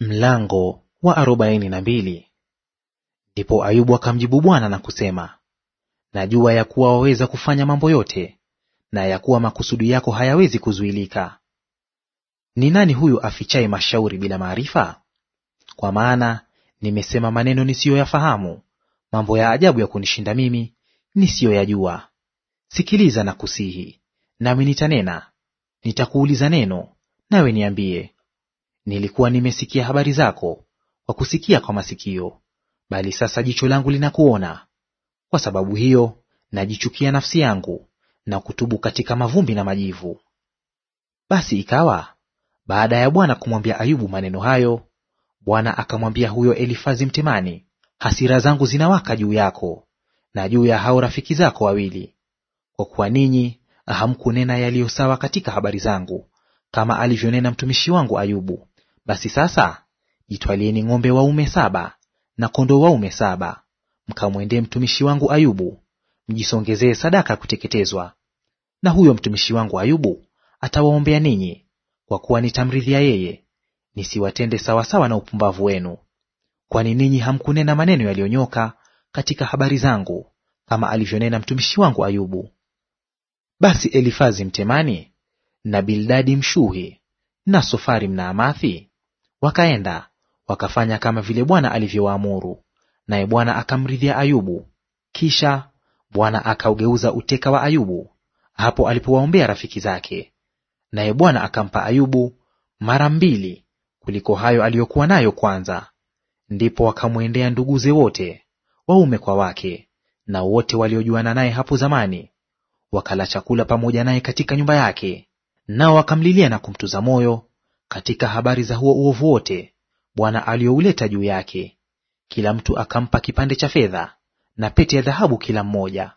Mlango wa arobaini na mbili. Ndipo Ayubu akamjibu Bwana na kusema, najua ya kuwa waweza kufanya mambo yote, na ya kuwa makusudi yako hayawezi kuzuilika. Ni nani huyu afichaye mashauri bila maarifa? Kwa maana nimesema maneno nisiyoyafahamu, mambo ya ajabu ya kunishinda mimi nisiyoyajua. Sikiliza na kusihi, nami nitanena; nitakuuliza neno, nawe niambie Nilikuwa nimesikia habari zako kwa kusikia kwa masikio, bali sasa jicho langu linakuona. Kwa sababu hiyo najichukia nafsi yangu na kutubu katika mavumbi na majivu. Basi ikawa baada ya Bwana kumwambia Ayubu maneno hayo, Bwana akamwambia huyo Elifazi Mtemani, hasira zangu zinawaka juu yako na juu ya hao rafiki zako wawili, kwa kuwa ninyi hamkunena yaliyo sawa katika habari zangu, kama alivyonena mtumishi wangu Ayubu basi sasa jitwalieni ng'ombe waume saba na kondoo waume saba, mkamwendee mtumishi wangu Ayubu, mjisongezee sadaka ya kuteketezwa. Na huyo mtumishi wangu Ayubu atawaombea ninyi, kwa kuwa nitamridhia yeye, nisiwatende sawasawa na upumbavu wenu. Kwani ninyi hamkunena maneno yaliyonyoka katika habari zangu, kama alivyonena mtumishi wangu Ayubu. Basi Elifazi Mtemani na Bildadi Mshuhi na Sofari Mnaamathi Wakaenda wakafanya kama vile Bwana alivyowaamuru, naye Bwana akamridhia Ayubu. Kisha Bwana akaugeuza uteka wa Ayubu hapo alipowaombea rafiki zake, naye Bwana akampa Ayubu mara mbili kuliko hayo aliyokuwa nayo kwanza. Ndipo wakamwendea nduguze wote waume kwa wake na wote waliojuana naye hapo zamani, wakala chakula pamoja naye katika nyumba yake, nao wakamlilia na kumtuza moyo katika habari za huo uovu wote Bwana aliouleta juu yake. Kila mtu akampa kipande cha fedha na pete ya dhahabu kila mmoja.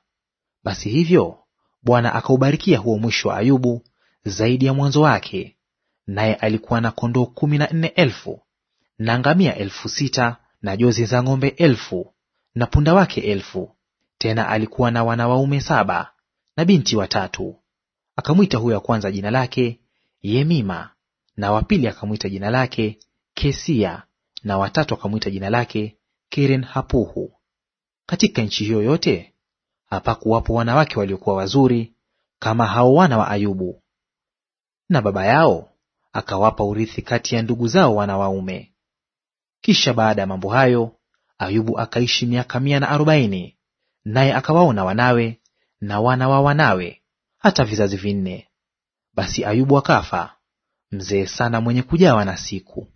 Basi hivyo Bwana akaubarikia huo mwisho wa Ayubu zaidi ya mwanzo wake, naye alikuwa na kondoo kumi na nne elfu na ngamia elfu sita na jozi za ng'ombe elfu na punda wake elfu. Tena alikuwa na wana waume saba na binti watatu. Akamwita huyo ya kwanza jina lake Yemima, na wa pili akamwita jina lake Kesia, na watatu akamwita jina lake Keren Hapuhu. Katika nchi hiyo yote hapakuwapo wanawake waliokuwa wazuri kama hao wana wa Ayubu. Na baba yao akawapa urithi kati ya ndugu zao wana waume. Kisha baada ya mambo hayo, Ayubu akaishi miaka mia na arobaini, naye akawaona wanawe na wana wa wanawe hata vizazi vinne. Basi Ayubu akafa mzee sana mwenye kujawa na siku.